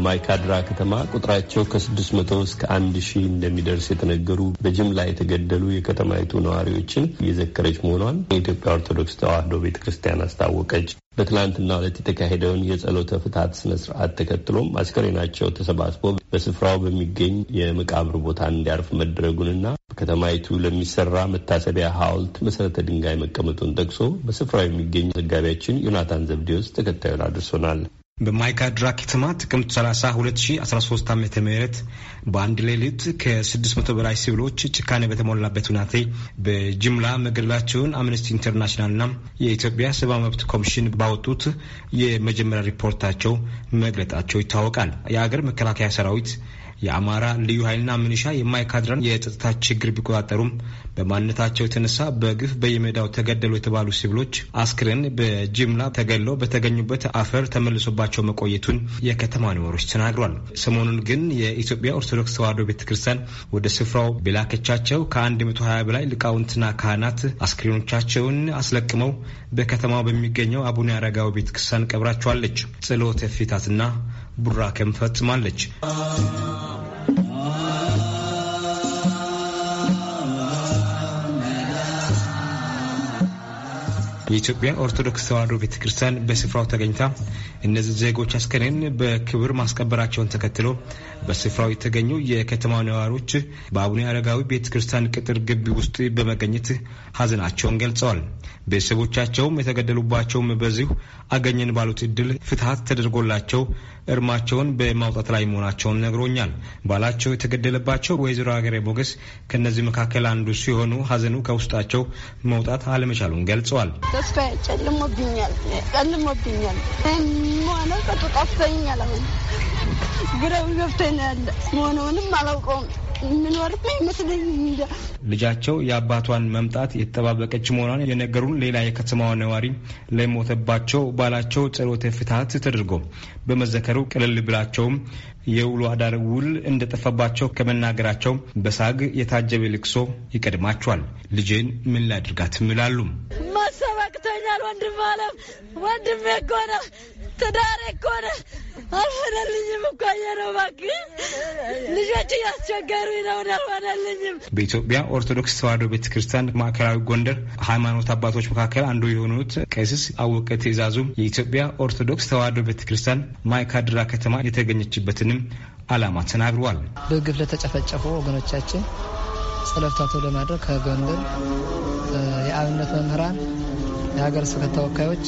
በማይካድራ ከተማ ቁጥራቸው ከ መቶ እስከ አንድ ሺህ እንደሚደርስ የተነገሩ በጅምላ የተገደሉ የከተማይቱ ነዋሪዎችን እየዘከረች መሆኗን የኢትዮጵያ ኦርቶዶክስ ተዋሕዶ ቤተ ክርስቲያን አስታወቀች። በትላንትና ዕለት የተካሄደውን የጸሎተ ፍትሐት ስነ ስርዓት ተከትሎም አስከሬናቸው ተሰባስቦ በስፍራው በሚገኝ የመቃብር ቦታ እንዲያርፍ መደረጉንና በከተማይቱ ለሚሰራ መታሰቢያ ሐውልት መሰረተ ድንጋይ መቀመጡን ጠቅሶ በስፍራው የሚገኝ ዘጋቢያችን ዮናታን ዘብዴዎስ ተከታዩን አድርሶናል። በማይካድራ ከተማ ጥቅምት 30 2013 ዓ ም በአንድ ሌሊት ከ600 በላይ ሲቪሎች ጭካኔ በተሞላበት ሁናቴ በጅምላ መገደላቸውን አምነስቲ ኢንተርናሽናልና የኢትዮጵያ ሰብአዊ መብት ኮሚሽን ባወጡት የመጀመሪያ ሪፖርታቸው መግለጣቸው ይታወቃል። የአገር መከላከያ ሰራዊት የአማራ ልዩ ኃይልና ምንሻ የማይካድረን የጸጥታ ችግር ቢቆጣጠሩም በማንነታቸው የተነሳ በግፍ በየሜዳው ተገደሉ የተባሉ ሲቪሎች አስክሬን በጅምላ ተገድለው በተገኙበት አፈር ተመልሶባቸው መቆየቱን የከተማ ነዋሪዎች ተናግሯል። ሰሞኑን ግን የኢትዮጵያ ኦርቶዶክስ ተዋሕዶ ቤተ ክርስቲያን ወደ ስፍራው ቢላከቻቸው ከ120 በላይ ሊቃውንትና ካህናት አስክሬኖቻቸውን አስለቅመው በከተማው በሚገኘው አቡነ አረጋዊ ቤተ ክርስቲያን ቀብራቸዋለች። ጸሎተ ፊታትና ቡራኬም ፈጽማለች። የኢትዮጵያ ኦርቶዶክስ ተዋሕዶ ቤተ ክርስቲያን በስፍራው ተገኝታ እነዚህ ዜጎች አስከሬን በክብር ማስቀበራቸውን ተከትሎ በስፍራው የተገኙ የከተማ ነዋሪዎች በአቡነ አረጋዊ ቤተ ክርስቲያን ቅጥር ግቢ ውስጥ በመገኘት ሀዘናቸውን ገልጸዋል። ቤተሰቦቻቸውም የተገደሉባቸውም በዚሁ አገኘን ባሉት እድል ፍትሀት ተደርጎላቸው እርማቸውን በማውጣት ላይ መሆናቸውን ነግሮኛል ባላቸው የተገደለባቸው ወይዘሮ ሀገሬ ሞገስ ከእነዚህ መካከል አንዱ ሲሆኑ ሀዘኑ ከውስጣቸው መውጣት አለመቻሉን ገልጸዋል። ተስፋ ጨልሞብኛል ጨልሞብኛል ማለቀጡ ጠፍተኛል። አሁን ግረብ ገብተኝ ያለ መሆኑንም አላውቀውም። የምኖርም አይመስለኝ እንጃ። ልጃቸው የአባቷን መምጣት የተጠባበቀች መሆኗን የነገሩን ሌላ የከተማዋ ነዋሪ ለሞተባቸው ባላቸው ጸሎተ ፍትሐት ተደርጎ በመዘከሩ ቅልል ብላቸውም የውሎ አዳር ውል እንደጠፋባቸው ከመናገራቸው በሳግ የታጀበ ልቅሶ ይቀድማቸዋል። ልጄን ምን ላድርጋት ምላሉ ማሰብ ወንድም አለም ወንድም እኮ ትዳሬ እኮ አልሆነልኝም እኮ ነው እባክህ ልጆች እያስቸገሩኝ ነው አልሆነልኝም። በኢትዮጵያ ኦርቶዶክስ ተዋህዶ ቤተክርስቲያን ማዕከላዊ ጎንደር ሃይማኖት አባቶች መካከል አንዱ የሆኑት ቀሲስ አወቀ ትእዛዙ የኢትዮጵያ ኦርቶዶክስ ተዋህዶ ቤተክርስቲያን ማይካድራ ከተማ የተገኘችበትንም አላማ ተናግረዋል። በግፍ ለተጨፈጨፉ ወገኖቻችን ጸለፍታቶ ለማድረግ ከጎንደር የአብነት መምህራን የሀገር ስብከት ተወካዮች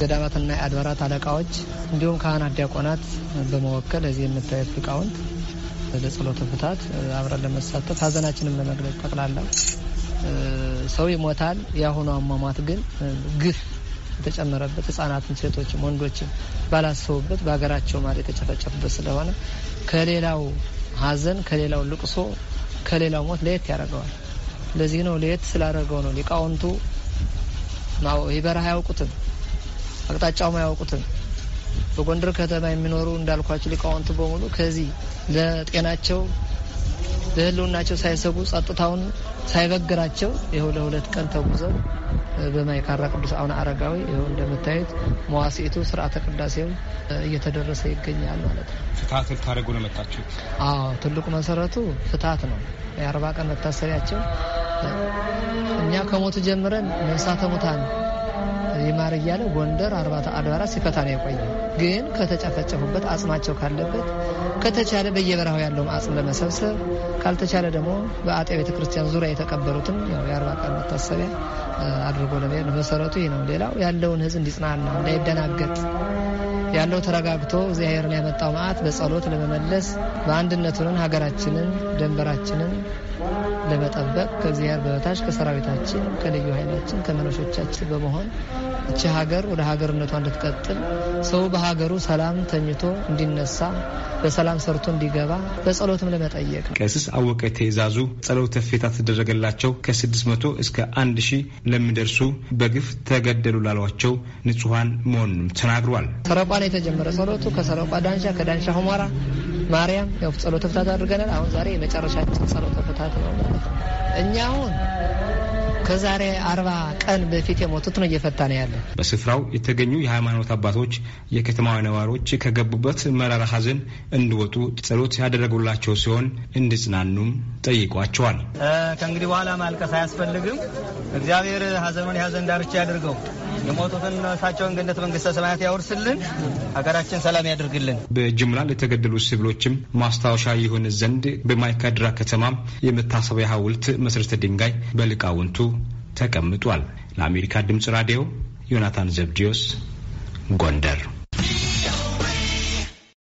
የገዳማትና የአድባራት አለቃዎች እንዲሁም ካህናት፣ ዲያቆናት በመወከል እዚህ የምታዩት ሊቃውንት ለጸሎተ ፍታት አብረን ለመሳተፍ ሀዘናችንም ለመግለጽ ጠቅላላ ሰው ይሞታል። የአሁኑ አሟሟት ግን ግፍ የተጨመረበት ህጻናትን፣ ሴቶችም፣ ወንዶችም ባላሰቡበት በሀገራቸው ማር የተጨፈጨፉበት ስለሆነ ከሌላው ሀዘን ከሌላው ልቅሶ ከሌላው ሞት ለየት ያደርገዋል። ለዚህ ነው ለየት ስላደረገው ነው ሊቃውንቱ ይበረሃ አያውቁትም አቅጣጫውም አያውቁትም። በጎንደር ከተማ የሚኖሩ እንዳልኳቸው ሊቃውንት በሙሉ ከዚህ ለጤናቸው ለህልውናቸው ሳይሰጉ ጸጥታውን ሳይበግራቸው ይኸው ለሁለት ቀን ተጉዘው በማይካራ ቅዱስ አቡነ አረጋዊ ይኸው እንደምታዩት መዋሴቱ ስርዓተ ቅዳሴው እየተደረሰ ይገኛል ማለት ነው። ፍትሀት ልታደርጉ ነው መጣችሁ? አዎ ትልቁ መሰረቱ ፍትሀት ነው። የአርባ ቀን መታሰቢያቸው እኛ ከሞቱ ጀምረን መንሳተ ሙታን ይማር እያለ ጎንደር አርባታ አድባራ ሲፈታ ነው የቆየ። ግን ከተጨፈጨፉበት አጽማቸው ካለበት ከተቻለ በየበረሃው ያለውም አጽም ለመሰብሰብ ካልተቻለ ደግሞ በአጤ ቤተ ክርስቲያን ዙሪያ የተቀበሉትን የአርባ ቀን መታሰቢያ አድርጎ ለመሄድ ነው። መሰረቱ ይህ ነው። ሌላው ያለውን ህዝብ እንዲጽናና እንዳይደናገጥ ያለው ተረጋግቶ እግዚአብሔርን ያመጣው መዓት በጸሎት ለመመለስ በአንድነቱንን ሀገራችንን ደንበራችንን ለመጠበቅ ከእግዚአብሔር በበታች ከሰራዊታችን፣ ከልዩ ኃይላችን፣ ከመኖሾቻችን በመሆን እቺ ሀገር ወደ ሀገርነቷ እንድትቀጥል ሰው በሀገሩ ሰላም ተኝቶ እንዲነሳ በሰላም ሰርቶ እንዲገባ በጸሎትም ለመጠየቅ ቀሲስ አወቀ ትእዛዙ ጸሎተ ተፌታ ተደረገላቸው ከ600 እስከ 1 ሺህ ለሚደርሱ በግፍ ተገደሉ ላሏቸው ንጹሐን መሆኑንም ተናግሯል። ሰረቋ የተጀመረ ጸሎቱ ከሰረቋ ዳንሻ፣ ከዳንሻ ሁመራ ማርያም ያው ጸሎተ ፍታት አድርገናል። አሁን ዛሬ የመጨረሻችን ጸሎተ ፍታት ነው ማለት ነው። እኛ አሁን ከዛሬ አርባ ቀን በፊት የሞቱት ነው እየፈታ ነው ያለ። በስፍራው የተገኙ የሃይማኖት አባቶች የከተማዋ ነዋሪዎች ከገቡበት መራራ ሀዘን እንዲወጡ ጸሎት ያደረጉላቸው ሲሆን እንዲጽናኑም ጠይቋቸዋል። ከእንግዲህ በኋላ ማልቀስ አያስፈልግም። እግዚአብሔር ሀዘኑን የሐዘን ዳርቻ ያድርገው። የሞቱትን ነፍሳቸውን ገነት መንግስተ ሰማያት ያውርስልን፣ ሀገራችን ሰላም ያድርግልን። በጅምላ ለተገደሉ ሲቪሎችም ማስታወሻ ይሆን ዘንድ በማይካድራ ከተማ የመታሰቢያ ሀውልት መሰረተ ድንጋይ በልቃውንቱ ተቀምጧል። ለአሜሪካ ድምፅ ራዲዮ ዮናታን ዘብዲዮስ ጎንደር